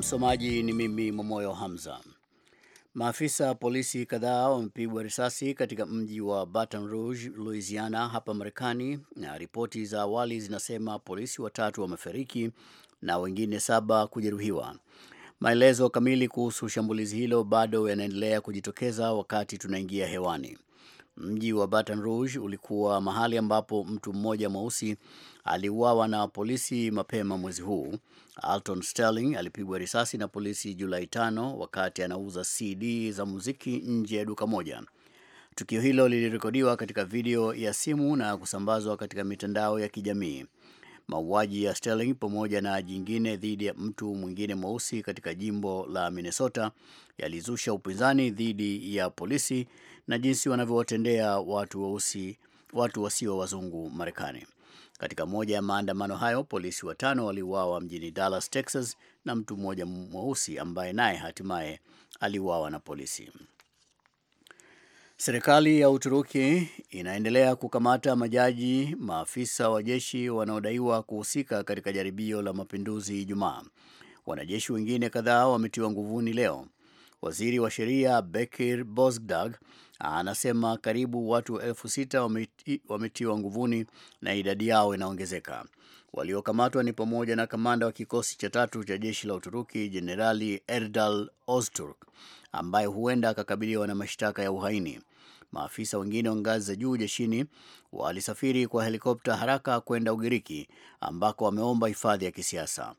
Msomaji ni mimi Momoyo Hamza. Maafisa polisi kadhaa wamepigwa risasi katika mji wa Baton Rouge, Louisiana, hapa Marekani, na ripoti za awali zinasema polisi watatu wamefariki na wengine saba kujeruhiwa. Maelezo kamili kuhusu shambulizi hilo bado yanaendelea kujitokeza wakati tunaingia hewani. Mji wa Baton Rouge ulikuwa mahali ambapo mtu mmoja mweusi aliuawa na polisi mapema mwezi huu. Alton Sterling alipigwa risasi na polisi Julai tano wakati anauza CD za muziki nje ya duka moja. Tukio hilo lilirekodiwa katika video ya simu na kusambazwa katika mitandao ya kijamii. Mauaji ya Sterling pamoja na jingine dhidi ya mtu mwingine mweusi katika jimbo la Minnesota yalizusha upinzani dhidi ya polisi na jinsi wanavyowatendea watu weusi, watu wasio wazungu Marekani. Katika moja ya maandamano hayo, polisi watano waliuawa mjini Dallas, Texas, na mtu mmoja mweusi ambaye naye hatimaye aliuawa na polisi. Serikali ya Uturuki inaendelea kukamata majaji, maafisa wa jeshi wanaodaiwa kuhusika katika jaribio la mapinduzi Ijumaa. Wanajeshi wengine kadhaa wametiwa nguvuni leo. Waziri wa sheria Bekir Bozdag anasema karibu watu elfu sita wameti, wametiwa nguvuni na idadi yao inaongezeka. Waliokamatwa ni pamoja na kamanda wa kikosi cha tatu cha jeshi la Uturuki Jenerali Erdal Ozturk ambaye huenda akakabiliwa na mashtaka ya uhaini. Maafisa wengine wa ngazi za juu jeshini walisafiri kwa helikopta haraka kwenda Ugiriki ambako wameomba hifadhi ya kisiasa.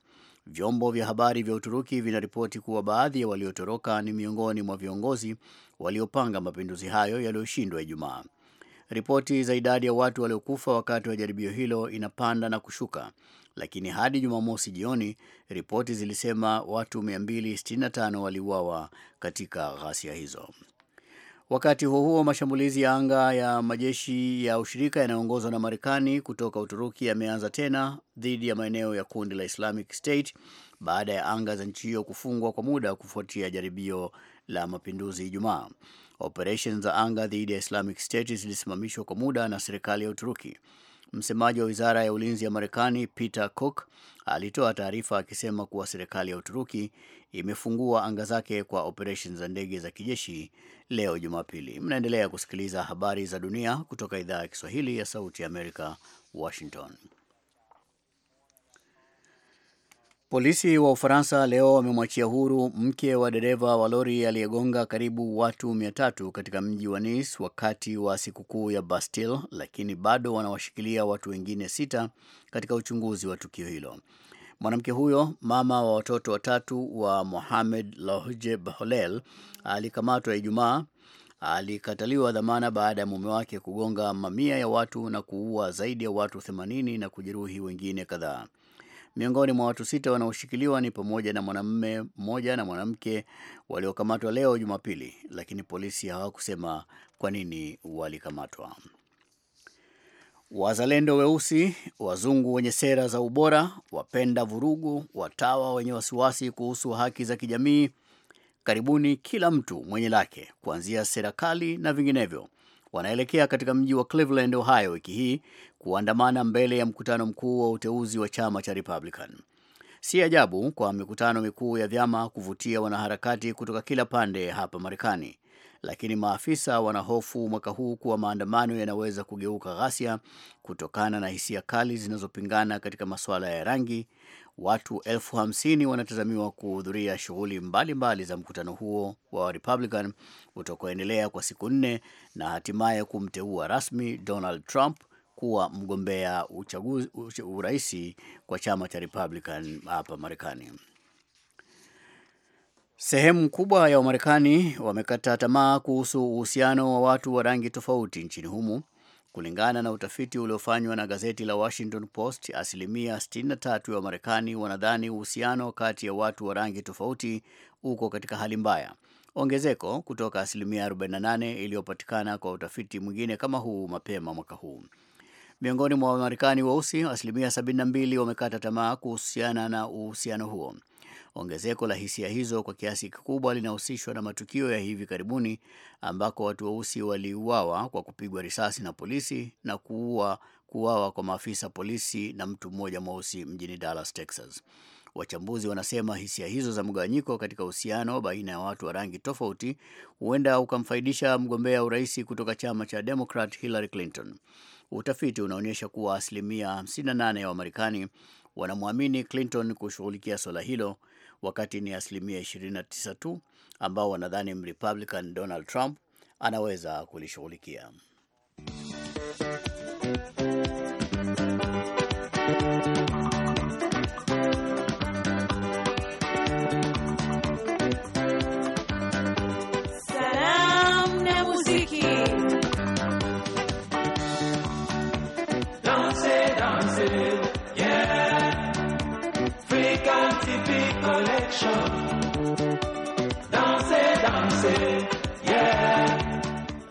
Vyombo vya habari vya Uturuki vinaripoti kuwa baadhi ya waliotoroka ni miongoni mwa viongozi waliopanga mapinduzi hayo yaliyoshindwa Ijumaa. Ripoti za idadi ya watu waliokufa wakati wa jaribio hilo inapanda na kushuka, lakini hadi Jumamosi jioni ripoti zilisema watu 265 waliuawa katika ghasia hizo. Wakati huo huo, mashambulizi ya anga ya majeshi ya ushirika yanayoongozwa na Marekani kutoka Uturuki yameanza tena dhidi ya maeneo ya kundi la Islamic State baada ya anga za nchi hiyo kufungwa kwa muda kufuatia jaribio la mapinduzi Ijumaa. Operesheni za anga dhidi ya Islamic State zilisimamishwa kwa muda na serikali ya Uturuki. Msemaji wa wizara ya ulinzi ya Marekani Peter Cook alitoa taarifa akisema kuwa serikali ya Uturuki imefungua anga zake kwa operesheni za ndege za kijeshi leo Jumapili. Mnaendelea kusikiliza habari za dunia kutoka idhaa ya Kiswahili ya Sauti ya Amerika, Washington. Polisi wa Ufaransa leo wamemwachia huru mke wa dereva wa lori aliyegonga karibu watu 300 katika mji wa Nice wakati wa sikukuu ya Bastille, lakini bado wanawashikilia watu wengine sita katika uchunguzi wa tukio hilo. Mwanamke huyo mama wa watoto watatu wa Mohamed lohje Bahlel alikamatwa Ijumaa. Alikataliwa dhamana baada ya mume wake kugonga mamia ya watu na kuua zaidi ya watu 80 na kujeruhi wengine kadhaa. Miongoni mwa watu sita wanaoshikiliwa ni pamoja na mwanamume mmoja na mwanamke waliokamatwa leo Jumapili, lakini polisi hawakusema kwa nini walikamatwa. Wazalendo weusi, wazungu wenye sera za ubora, wapenda vurugu, watawa wenye wasiwasi kuhusu haki za kijamii, karibuni kila mtu mwenye lake, kuanzia serikali na vinginevyo, wanaelekea katika mji wa Cleveland, Ohio wiki hii kuandamana mbele ya mkutano mkuu wa uteuzi wa chama cha Republican. Si ajabu kwa mikutano mikuu ya vyama kuvutia wanaharakati kutoka kila pande hapa Marekani lakini maafisa wanahofu mwaka huu kuwa maandamano yanaweza kugeuka ghasia kutokana na hisia kali zinazopingana katika masuala ya rangi. Watu elfu hamsini wanatazamiwa kuhudhuria shughuli mbalimbali za mkutano huo wa Republican utakaoendelea kwa siku nne na hatimaye kumteua rasmi Donald Trump kuwa mgombea uchaguzi uraisi kwa chama cha Republican hapa Marekani. Sehemu kubwa ya Wamarekani wamekata tamaa kuhusu uhusiano wa watu wa rangi tofauti nchini humo. Kulingana na utafiti uliofanywa na gazeti la Washington Post, asilimia 63 ya Wamarekani wanadhani uhusiano kati ya watu wa rangi tofauti uko katika hali mbaya, ongezeko kutoka asilimia 48 iliyopatikana kwa utafiti mwingine kama huu mapema mwaka huu. Miongoni mwa Wamarekani weusi asilimia 72 wamekata tamaa kuhusiana na uhusiano huo. Ongezeko la hisia hizo kwa kiasi kikubwa linahusishwa na matukio ya hivi karibuni ambako watu weusi waliuawa kwa kupigwa risasi na polisi na kuua kuuawa kwa maafisa polisi na mtu mmoja mweusi mjini Dallas, Texas. Wachambuzi wanasema hisia hizo za mgawanyiko katika uhusiano baina ya watu wa rangi tofauti huenda ukamfaidisha mgombea urais kutoka chama cha Democrat Hillary Clinton. Utafiti unaonyesha kuwa asilimia 58 ya Wamarekani wanamwamini Clinton kushughulikia suala hilo wakati ni asilimia 29 tu ambao wanadhani Mrepublican Donald Trump anaweza kulishughulikia.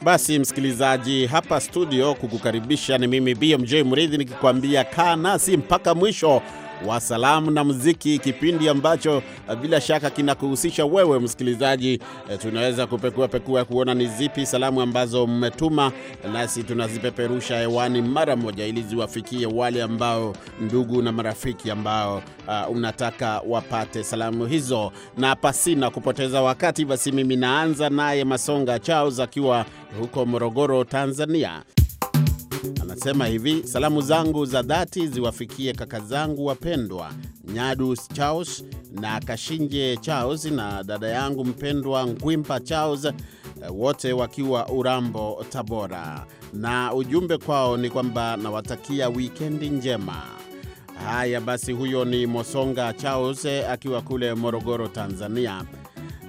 Basi msikilizaji, hapa studio kukukaribisha ni mimi BMJ Mridhi nikikwambia kaa nasi mpaka mwisho wa salamu na muziki, kipindi ambacho eh, bila shaka kinakuhusisha wewe msikilizaji. Eh, tunaweza kupekua pekua kuona ni zipi salamu ambazo mmetuma, nasi tunazipeperusha hewani mara moja, ili ziwafikie wale ambao, ndugu na marafiki ambao uh, unataka wapate salamu hizo. Na pasina kupoteza wakati, basi mimi naanza naye Masonga Charles akiwa huko Morogoro, Tanzania. Anasema hivi: salamu zangu za dhati ziwafikie kaka zangu wapendwa Nyadus Charles na Kashinje Charles na dada yangu mpendwa Ngwimpa Charles, eh, wote wakiwa Urambo, Tabora, na ujumbe kwao ni kwamba nawatakia wikendi njema. Haya basi, huyo ni Mosonga Charles eh, akiwa kule Morogoro, Tanzania.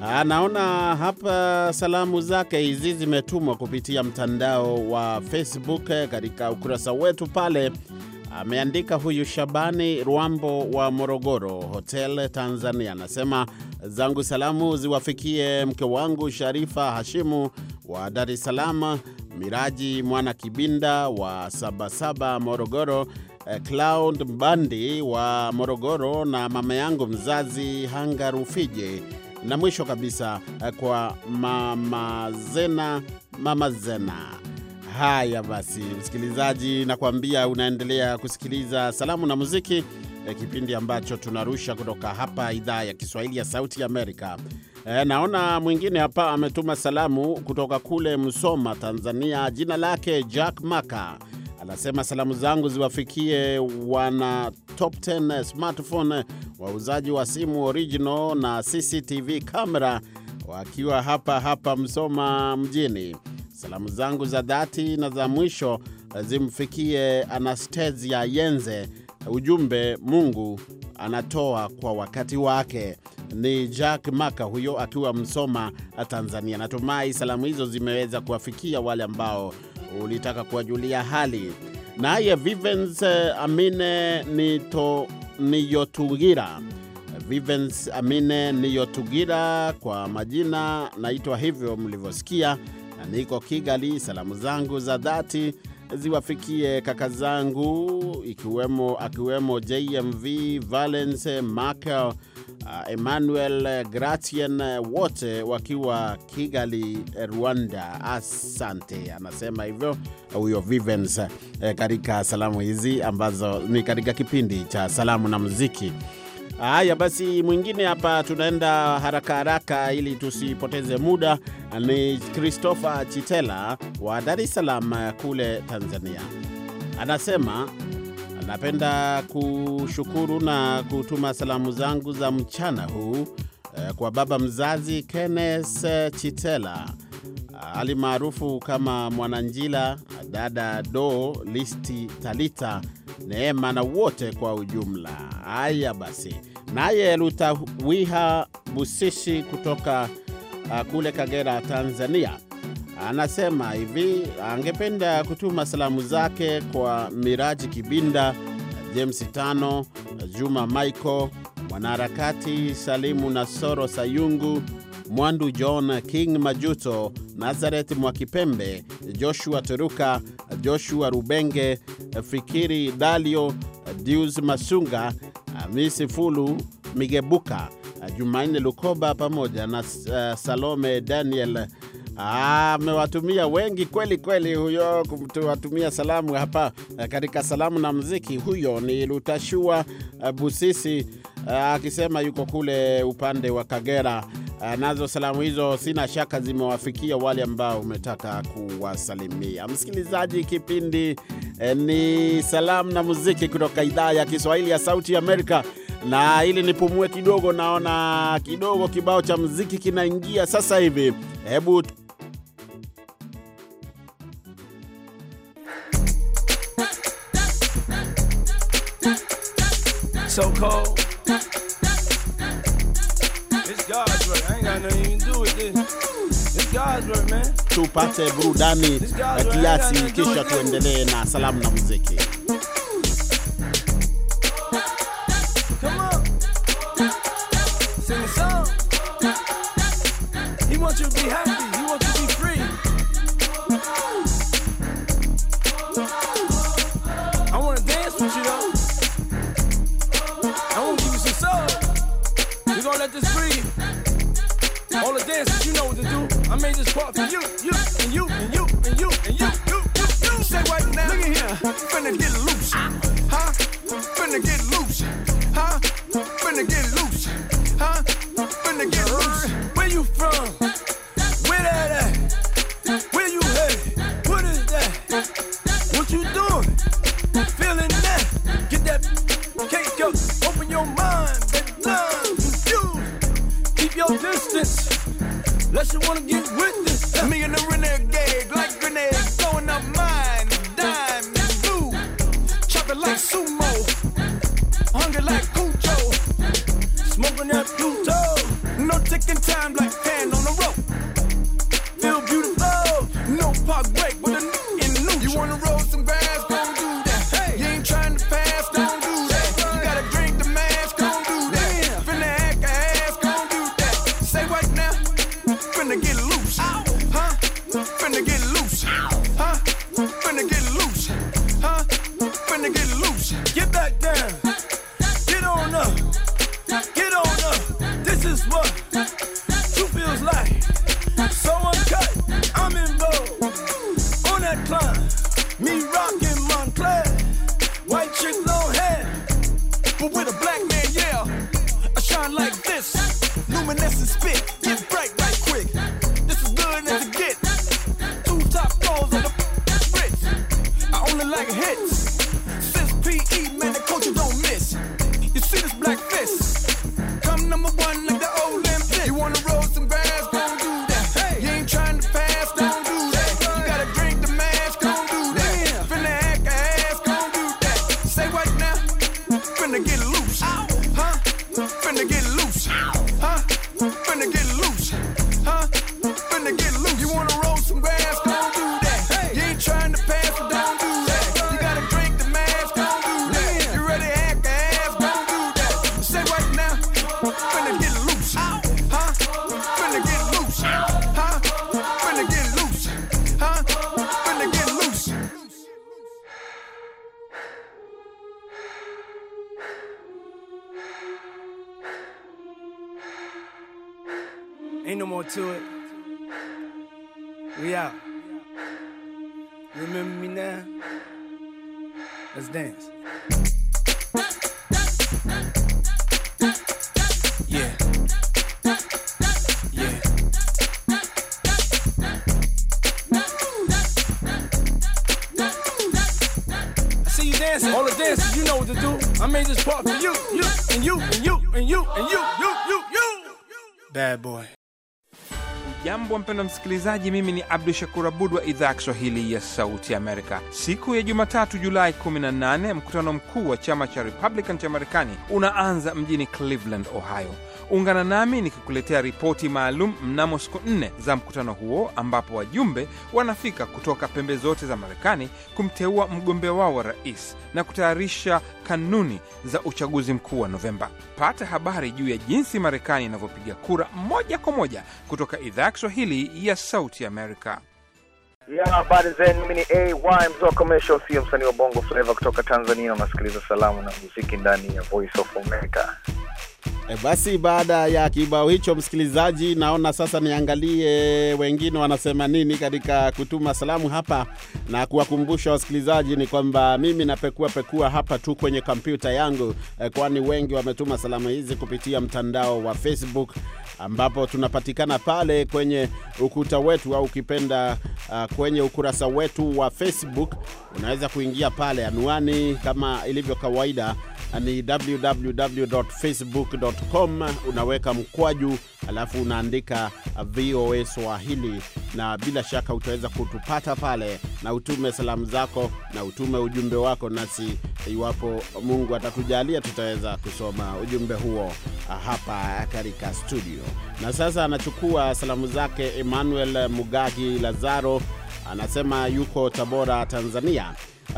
Ah, naona hapa salamu zake hizi zimetumwa kupitia mtandao wa Facebook eh, katika ukurasa wetu pale. Ameandika huyu Shabani Rwambo wa Morogoro Hotel, Tanzania, anasema zangu salamu ziwafikie mke wangu Sharifa Hashimu wa Dar es Salaam, Miraji Mwana Kibinda wa Sabasaba Morogoro, eh, Cloud Bandi wa Morogoro na mama yangu mzazi Hanga Rufije na mwisho kabisa eh, kwa mama Zena, mama Zena. Haya basi, msikilizaji, nakwambia unaendelea kusikiliza salamu na muziki, eh, kipindi ambacho tunarusha kutoka hapa idhaa ya Kiswahili ya Sauti Amerika. E, naona mwingine hapa ametuma salamu kutoka kule Msoma, Tanzania. Jina lake Jack Maka anasema salamu zangu ziwafikie wana Top 10 smartphone, wauzaji wa simu original na CCTV camera wakiwa hapa hapa Msoma mjini. Salamu zangu za dhati na za mwisho zimfikie Anastasia Yenze. Ujumbe, Mungu anatoa kwa wakati wake. Ni Jack Maka huyo akiwa Msoma, Tanzania. Natumai salamu hizo zimeweza kuwafikia wale ambao ulitaka kuwajulia hali. Naye Vivens eh, Amine nito, Niyotugira Vivens Amine Niyotugira, kwa majina naitwa hivyo mlivyosikia, na niko Kigali. Salamu zangu za dhati ziwafikie kaka zangu ikiwemo akiwemo JMV Valence Markel uh, Emmanuel gratien wote wakiwa Kigali, Rwanda. Asante, anasema hivyo huyo Vivens eh, katika salamu hizi ambazo ni katika kipindi cha salamu na muziki. Haya basi, mwingine hapa tunaenda haraka haraka ili tusipoteze muda. Ni Christopher Chitela wa Dar es Salaam kule Tanzania, anasema Napenda kushukuru na kutuma salamu zangu za mchana huu eh, kwa baba mzazi Kenneth eh, Chitela eh, ali maarufu kama Mwananjila, dada Do, Listi, Talita, Neema na wote kwa ujumla. Haya basi, naye Lutawiha busishi kutoka kule Kagera, Tanzania anasema hivi angependa kutuma salamu zake kwa Miraji Kibinda, James Tano, Juma Michael, mwanaharakati Salimu Nasoro Sayungu, Mwandu John, King Majuto, Nazareth Mwakipembe, Joshua Turuka, Joshua Rubenge, Fikiri Dalio, Dius Masunga, misi Fulu Migebuka, Jumanne Lukoba pamoja na eh, Salome Daniel Amewatumia ah, wengi kweli kweli, huyo kuwatumia salamu hapa eh, katika salamu na mziki. Huyo ni Lutashua eh, Busisi eh, akisema yuko kule upande wa Kagera. Nazo salamu hizo sina shaka zimewafikia wale ambao umetaka kuwasalimia. Msikilizaji, kipindi ni salamu na muziki kutoka idhaa ya Kiswahili ya Sauti Amerika na ili nipumue kidogo, naona kidogo kibao cha muziki kinaingia sasa hivi. Hebu so cold. It's God's work. I ain't got nothing to do with this. Tupate burudani ya kiasi kisha tuendelee na salamu na muziki. Unless you wanna get with it. to it. We out. Remember me now? Let's dance. Yeah. Yeah. I see you dancing. All the dancers, you know what to do. I made this part for you, you, and you, and you, and you, and you, you, you, you. Bad boy. Hujambo mpendwa msikilizaji, mimi ni Abdu Shakur Abud wa idhaa ya Kiswahili ya Sauti Amerika. Siku ya Jumatatu Julai 18 mkutano mkuu wa chama cha Republican cha Marekani unaanza mjini Cleveland, Ohio. Ungana nami nikikuletea ripoti maalum mnamo siku nne za mkutano huo, ambapo wajumbe wanafika kutoka pembe zote za Marekani kumteua mgombea wao wa rais na kutayarisha kanuni za uchaguzi mkuu wa Novemba. Pata habari juu ya jinsi Marekani inavyopiga kura moja kwa moja kutoka idhaa Kiswahili ya Sauti Amerika. Habari zenu, mimi ni AY mtoka Mesho Sio, msanii wa Bongo Flava kutoka Tanzania. Unasikiliza salamu na muziki ndani ya Voice of America. E, basi baada ya kibao hicho msikilizaji, naona sasa niangalie wengine wanasema nini katika kutuma salamu hapa, na kuwakumbusha wasikilizaji ni kwamba mimi napekua pekua hapa tu kwenye kompyuta yangu e, kwani wengi wametuma salamu hizi kupitia mtandao wa Facebook ambapo tunapatikana pale kwenye ukuta wetu au ukipenda uh, kwenye ukurasa wetu wa Facebook. Unaweza kuingia pale, anwani kama ilivyo kawaida ni www.facebook.com unaweka mkwaju alafu unaandika VOA Swahili, na bila shaka utaweza kutupata pale, na utume salamu zako na utume ujumbe wako, nasi iwapo Mungu atatujalia tutaweza kusoma ujumbe huo hapa katika studio. Na sasa anachukua salamu zake Emmanuel Mugagi Lazaro, anasema yuko Tabora, Tanzania.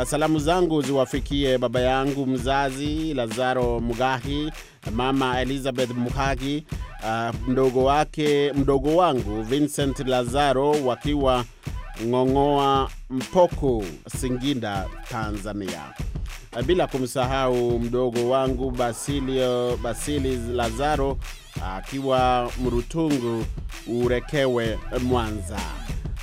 Salamu zangu ziwafikie baba yangu mzazi Lazaro Mugahi, mama Elizabeth Muhagi, uh, mdogo wake mdogo wangu Vincent Lazaro wakiwa Ng'ong'oa Mpoko, Singinda, Tanzania, uh, bila kumsahau mdogo wangu Basilio, Basili Lazaro akiwa Mrutungu Urekewe, Mwanza.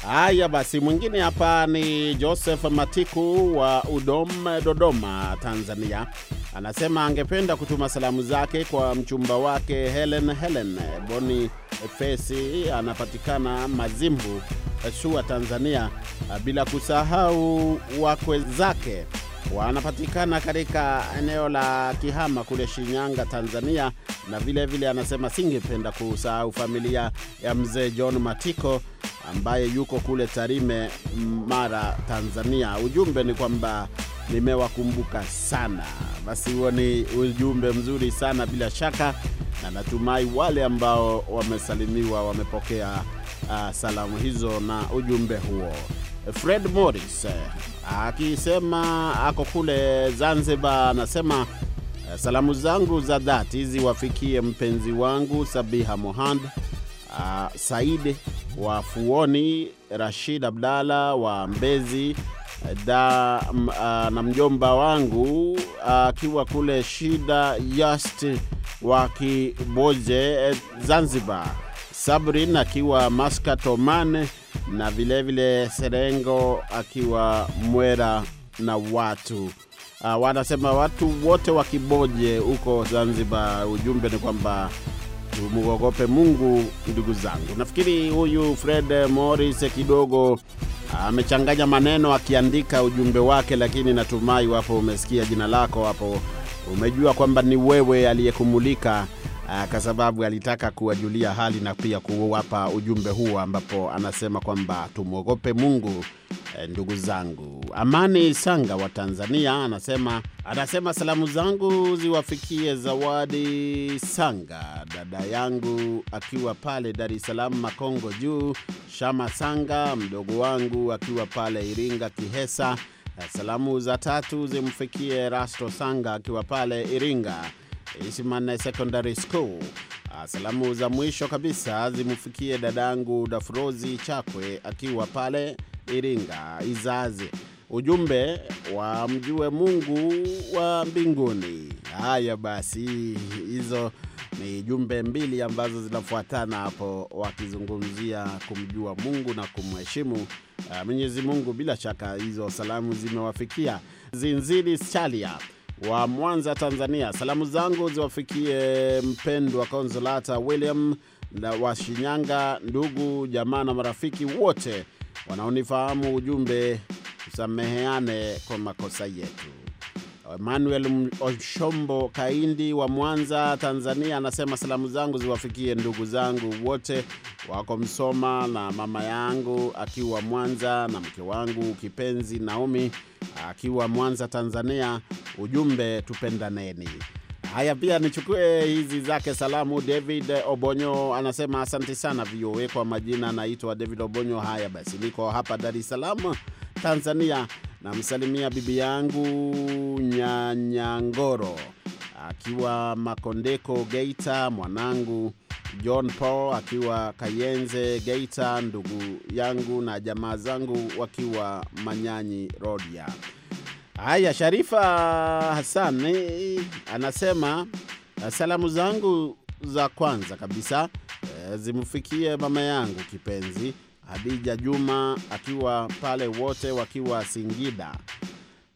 Haya basi, mwingine hapa ni Joseph Matiku wa Udom, Dodoma, Tanzania. Anasema angependa kutuma salamu zake kwa mchumba wake Helen Helen Boni Fesi, anapatikana Mazimbu, Sua, Tanzania, bila kusahau wakwe zake wanapatikana katika eneo la Kihama kule Shinyanga, Tanzania. Na vilevile vile anasema singependa kusahau familia ya mzee John Matiko ambaye yuko kule Tarime, Mara, Tanzania. Ujumbe ni kwamba nimewakumbuka sana. Basi huo ni ujumbe mzuri sana bila shaka, na natumai wale ambao wamesalimiwa wamepokea uh, salamu hizo na ujumbe huo. Fred Morris akisema ako kule Zanzibar, anasema eh, salamu zangu za dhati ziwafikie mpenzi wangu Sabiha Mohand, ah, Said wa Fuoni, Rashid Abdalla wa Mbezi eh, da, m, ah, na mjomba wangu ah, akiwa kule Shida Yast wa Kiboje eh, Zanzibar, Sabrin akiwa Maskat Oman na vilevile vile Serengo akiwa Mwera na watu uh, wanasema watu wote wa Kiboje huko Zanzibar. Ujumbe ni kwamba tumuogope Mungu ndugu zangu. Nafikiri huyu Fred Morris kidogo amechanganya maneno akiandika ujumbe wake, lakini natumai wapo umesikia jina lako hapo, umejua kwamba ni wewe aliyekumulika Ah, kwa sababu alitaka kuwajulia hali na pia kuwapa ujumbe huo, ambapo anasema kwamba tumwogope Mungu. Eh, ndugu zangu, Amani Sanga wa Tanzania anasema anasema salamu zangu ziwafikie Zawadi Sanga, dada yangu akiwa pale Dar es Salaam Makongo Juu, Shama Sanga mdogo wangu akiwa pale Iringa Kihesa. Eh, salamu za tatu zimfikie Rasto Sanga akiwa pale Iringa, Eastman Secondary School. Ah, salamu za mwisho kabisa zimfikie dadangu Dafrozi Chakwe akiwa pale Iringa Izazi. Ujumbe wa mjue Mungu wa mbinguni. Haya basi, hizo ni jumbe mbili ambazo zinafuatana hapo, wakizungumzia kumjua Mungu na kumheshimu ah, Mwenyezi Mungu. Bila shaka hizo salamu zimewafikia Zinzili Chalia wa Mwanza, Tanzania. Salamu zangu ziwafikie mpendwa Konsolata William na wa Shinyanga, ndugu jamaa na marafiki wote wanaonifahamu. Ujumbe, tusameheane kwa makosa yetu. Emmanuel Oshombo Kaindi wa Mwanza, Tanzania, anasema salamu zangu ziwafikie ndugu zangu wote wako Msoma na mama yangu akiwa Mwanza na mke wangu kipenzi Naomi akiwa Mwanza, Tanzania, ujumbe tupendaneni. Haya, pia nichukue hizi zake salamu. David Obonyo anasema asante sana VOA. Kwa majina anaitwa David Obonyo. Haya basi, niko hapa Dar es Salaam, Tanzania Namsalimia bibi yangu Nyanyangoro akiwa Makondeko Geita, mwanangu John Paul akiwa Kayenze Geita, ndugu yangu na jamaa zangu wakiwa Manyanyi Rodia. Haya, Sharifa Hassan eh, anasema eh, salamu zangu za kwanza kabisa eh, zimfikie mama yangu kipenzi Hadija Juma akiwa pale, wote wakiwa Singida.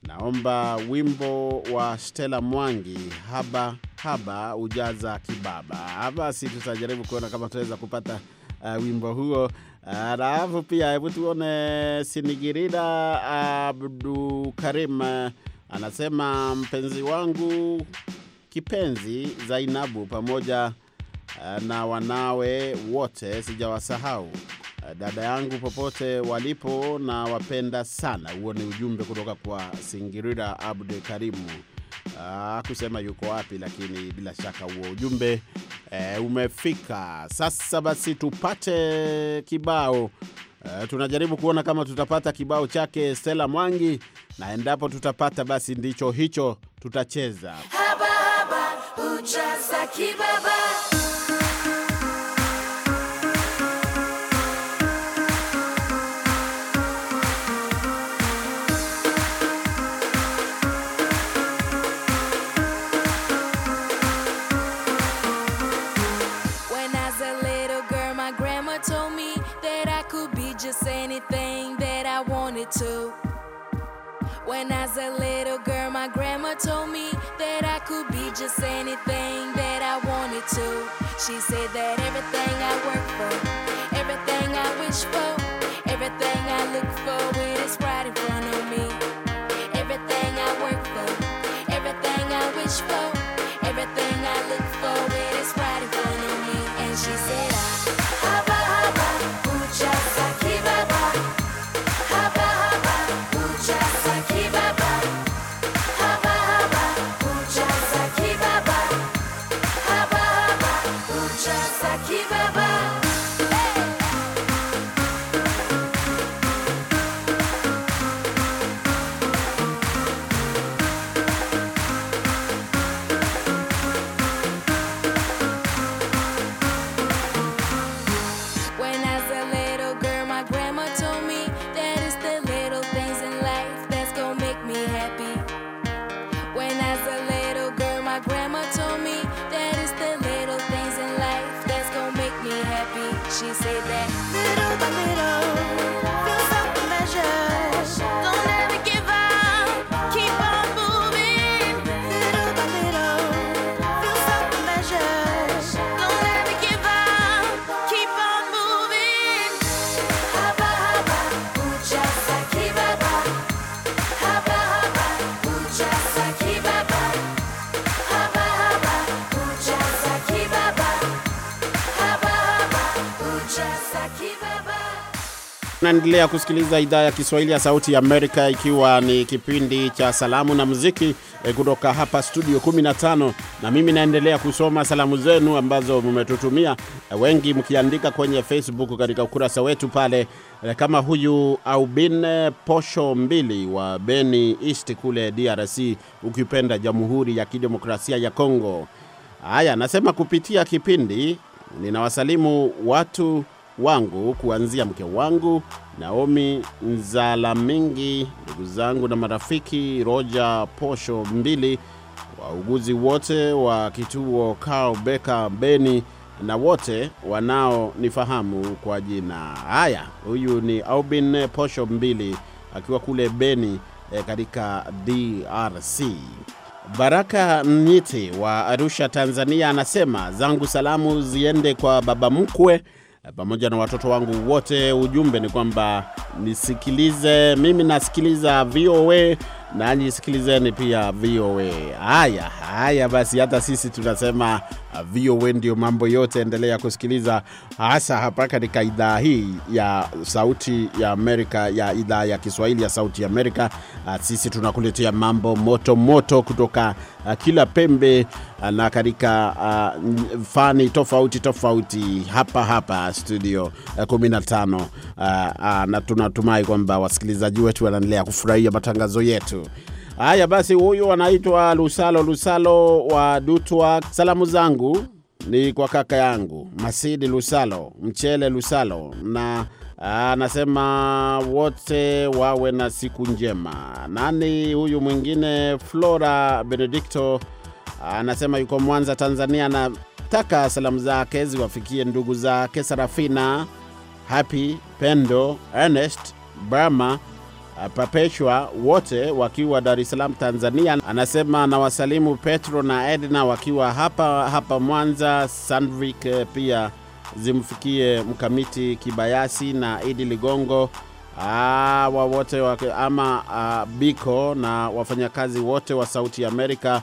Naomba wimbo wa Stella Mwangi, haba haba ujaza kibaba. Hapa si tutajaribu kuona kama tunaweza kupata uh, wimbo huo. alafu uh, pia hebu tuone Sinigirida Abdukarim anasema mpenzi wangu kipenzi Zainabu pamoja uh, na wanawe wote sijawasahau dada yangu popote walipo, na wapenda sana. Huo ni ujumbe kutoka kwa Singirira Abdul Karimu. Ah, kusema yuko wapi, lakini bila shaka huo ujumbe uh, umefika. Sasa basi tupate kibao. Uh, tunajaribu kuona kama tutapata kibao chake Stella Mwangi, na endapo tutapata, basi ndicho hicho tutacheza haba, haba, kibaba Tunaendelea kusikiliza idhaa ya Kiswahili ya Sauti ya Amerika, ikiwa ni kipindi cha salamu na muziki eh, kutoka hapa studio 15, na mimi naendelea kusoma salamu zenu ambazo mmetutumia eh, wengi, mkiandika kwenye Facebook katika ukurasa wetu pale, eh, kama huyu Aubin Posho mbili wa Beni East kule DRC, ukipenda Jamhuri ya Kidemokrasia ya Kongo. Haya, nasema kupitia kipindi ninawasalimu watu wangu kuanzia mke wangu Naomi nzala mingi ndugu zangu na marafiki, Roja Posho mbili, wauguzi wote wa kituo Kao Beka Beni na wote wanaonifahamu kwa jina. Haya, huyu ni Aubin Posho mbili akiwa kule Beni e, katika DRC. Baraka Mnyiti wa Arusha, Tanzania, anasema zangu salamu ziende kwa baba mkwe Eh, pamoja na watoto wangu wote. Ujumbe ni kwamba nisikilize, mimi nasikiliza VOA sikilizeni pia VOA. Haya haya, basi hata sisi tunasema VOA ndio mambo yote. Endelea kusikiliza hasa hapa katika idhaa hii ya Sauti ya Amerika, ya idhaa ya Kiswahili ya Sauti ya Amerika. Ah, sisi tunakuletea mambo moto moto kutoka ah, kila pembe ah, na katika uh, fani tofauti tofauti hapa hapa studio 15 uh, uh, na tunatumai kwamba wasikilizaji wetu wanaendelea kufurahia matangazo yetu. Haya basi, huyu anaitwa Lusalo Lusalo wa Dutwa. Salamu zangu ni kwa kaka yangu Masidi Lusalo Mchele Lusalo na ah, anasema wote wawe na siku njema. Nani huyu mwingine? Flora benedicto ah, anasema yuko Mwanza, Tanzania. Anataka salamu zake ziwafikie ndugu zake Sarafina, Happy, Pendo, Ernest, Brama, papeshwa eh, wote wakiwa Dar es Salaam Tanzania. Anasema wasalimu Petro na Edna wakiwa hapa hapa Mwanza. Sandvik eh, pia zimfikie Mkamiti Kibayasi na Idi Ligongo awa wote ama a, ah, Biko na wafanyakazi wote wa Sauti ya Amerika.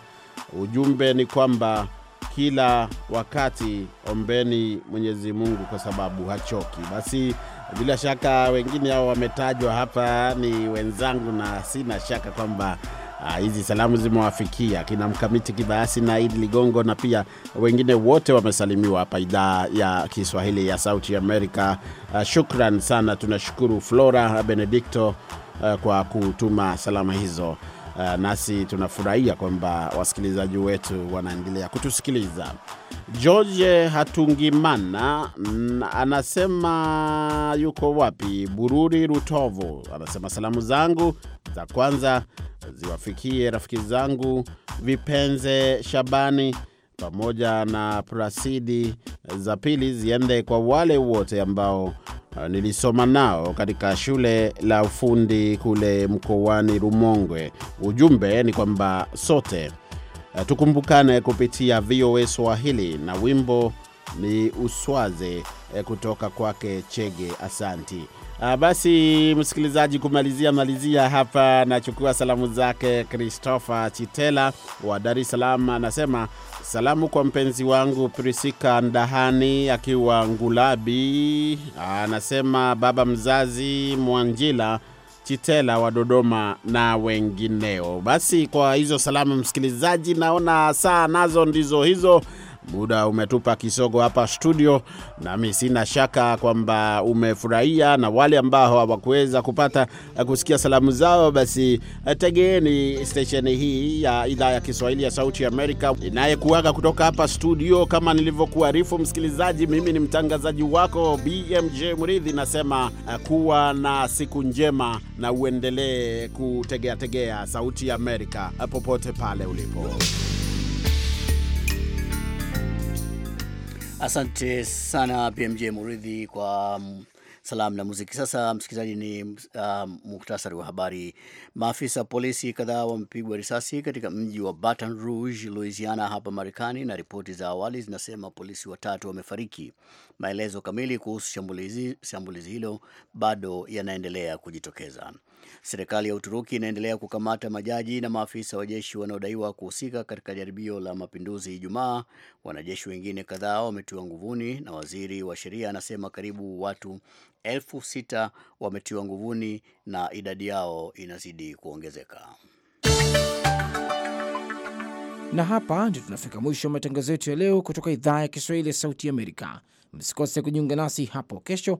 Ujumbe ni kwamba kila wakati ombeni Mwenyezi Mungu kwa sababu hachoki. Basi bila shaka wengine hao wametajwa hapa ni wenzangu, na sina shaka kwamba ah, hizi salamu zimewafikia kina Mkamiti Kibayasi na Idi Ligongo, na pia wengine wote wamesalimiwa hapa idhaa ya Kiswahili ya Sauti Amerika. Uh, shukran sana, tunashukuru Flora Benedicto uh, kwa kutuma salamu hizo. Uh, nasi tunafurahia kwamba wasikilizaji wetu wanaendelea kutusikiliza. George Hatungimana mm, anasema yuko wapi? Bururi, Rutovu. Anasema salamu zangu za kwanza ziwafikie rafiki zangu Vipenze Shabani pamoja na prasidi za pili ziende kwa wale wote ambao uh, nilisoma nao katika shule la ufundi kule mkoani Rumongwe. Ujumbe ni kwamba sote uh, tukumbukane kupitia VOA Swahili, na wimbo ni uswaze uh, kutoka kwake Chege. Asanti. Uh, basi msikilizaji, kumalizia malizia hapa, nachukua salamu zake Christopher Chitela wa Dar es Salaam. Anasema salamu kwa mpenzi wangu Prisika Ndahani akiwa Ngulabi. Anasema baba mzazi Mwanjila Chitela wa Dodoma na wengineo. Basi kwa hizo salamu msikilizaji, naona saa nazo ndizo hizo Muda umetupa kisogo hapa studio, nami sina shaka kwamba umefurahia, na wale ambao hawakuweza kupata eh, kusikia salamu zao, basi eh, tegeeni stesheni hii ya idhaa ya Kiswahili ya Sauti Amerika inayekuaga kutoka hapa studio. Kama nilivyokuarifu msikilizaji, mimi ni mtangazaji wako BMJ Mridhi, nasema eh, kuwa na siku njema na uendelee kutegeategea Sauti Amerika popote pale ulipo. Asante sana BMJ Muridhi kwa mm, salamu na muziki. Sasa msikilizaji, ni uh, ah, muhtasari wa habari. Maafisa polisi kadhaa wamepigwa risasi katika mji wa Baton Rouge, Louisiana, hapa Marekani, na ripoti za awali zinasema polisi watatu wamefariki. Maelezo kamili kuhusu shambulizi, shambulizi hilo bado yanaendelea kujitokeza. Serikali ya Uturuki inaendelea kukamata majaji na maafisa wa jeshi wanaodaiwa kuhusika katika jaribio la mapinduzi Ijumaa. Wanajeshi wengine kadhaa wametiwa nguvuni, na waziri wa sheria anasema karibu watu elfu sita wametiwa nguvuni na idadi yao inazidi kuongezeka. Na hapa ndio tunafika mwisho wa matangazo yetu ya leo kutoka idhaa ya Kiswahili ya Sauti Amerika. Msikose kujiunga nasi hapo kesho